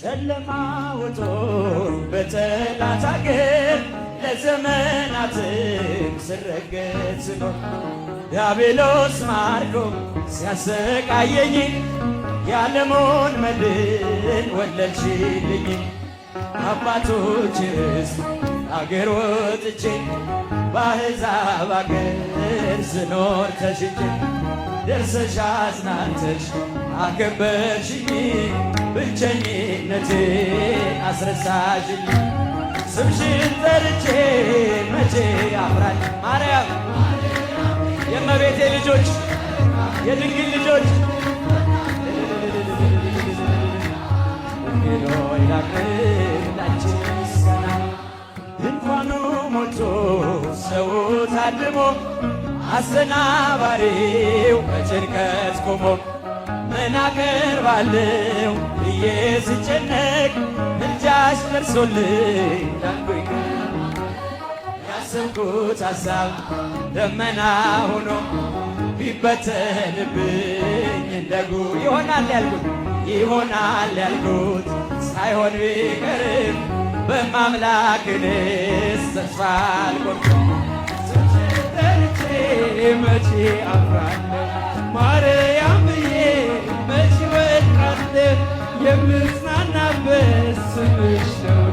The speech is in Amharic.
ጨለማ ወቶ በጠላት አገር ለዘመናትን ስረገጥ ስኖር ዲያብሎስ ማርኮ ሲያሰቃየኝ የዓለሙን መድን ወለድሽልኝ አባቶችስ አገር ወጥቼ በአሕዛብ አገር ስኖር ተሽጬ ደርሰሽ አጽናንተሽ አከበርሽኝ ብቸኝነቴ አስረሳሽኝ ስምሽን ጠርቼ መቼ አፍራኝ ማርያም የእመቤቴ ልጆች የድንግል ልጆች ሆይ ላቅላችን ምስጋና ድንኳኑ ሞልቶ ሰው ታድሞ አሰናባሪው በጭንቀት ቆሞ ምን አቀርባለሁ ብዬ ስጨነቅ ምልጃሽ ደርሶልኝ ዳንኩኝ ያሰብኩት ሀሳብ ደመና ሆኖ ቢበተንብኝ እንደጉ ይሆናል ያልኩት ይሆናል ያልኩት ሳይሆን ቢቀርም በማምላክ ንስ ተስፋ አልቆርጥም መቼ አፍራለ Krishna